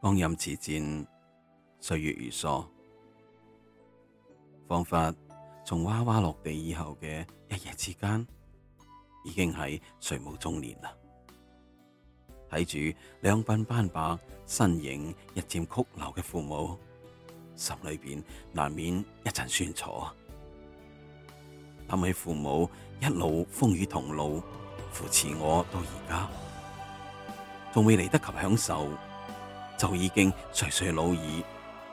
光陰似箭，歲月如梭，仿佛從娃娃落地以後嘅一夜之間，已經係垂暮中年啦。睇住兩鬢斑白、身形日漸曲僂嘅父母，心裏邊難免一陣酸楚。諗起父母一路風雨同路，扶持我到而家，仲未嚟得及享受。就已經垂垂老矣，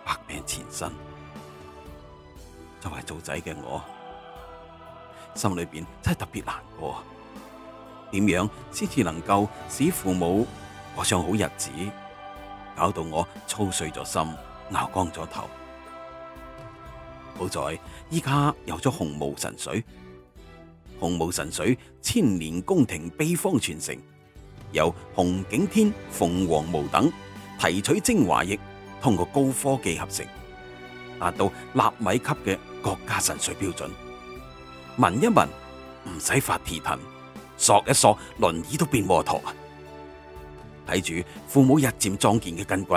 百病纏身。作為做仔嘅我，心裏邊真係特別難過。點樣先至能夠使父母過上好日子？搞到我操碎咗心，熬光咗頭。好在依家有咗紅毛神水，紅毛神水千年宮廷秘方傳承，由紅景天、鳳凰毛等。提取精華液，通過高科技合成，達到納米級嘅國家神水標準。聞一聞，唔使發 ti4 揗；索一索，輪椅都變摩托。睇住父母日漸壯健嘅筋骨，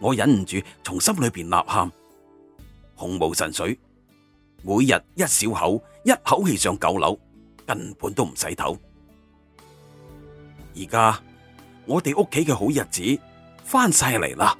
我忍唔住從心裏邊吶喊：紅毛神水，每日一小口，一口氣上九樓，根本都唔使唞。而家我哋屋企嘅好日子。翻曬嚟啦！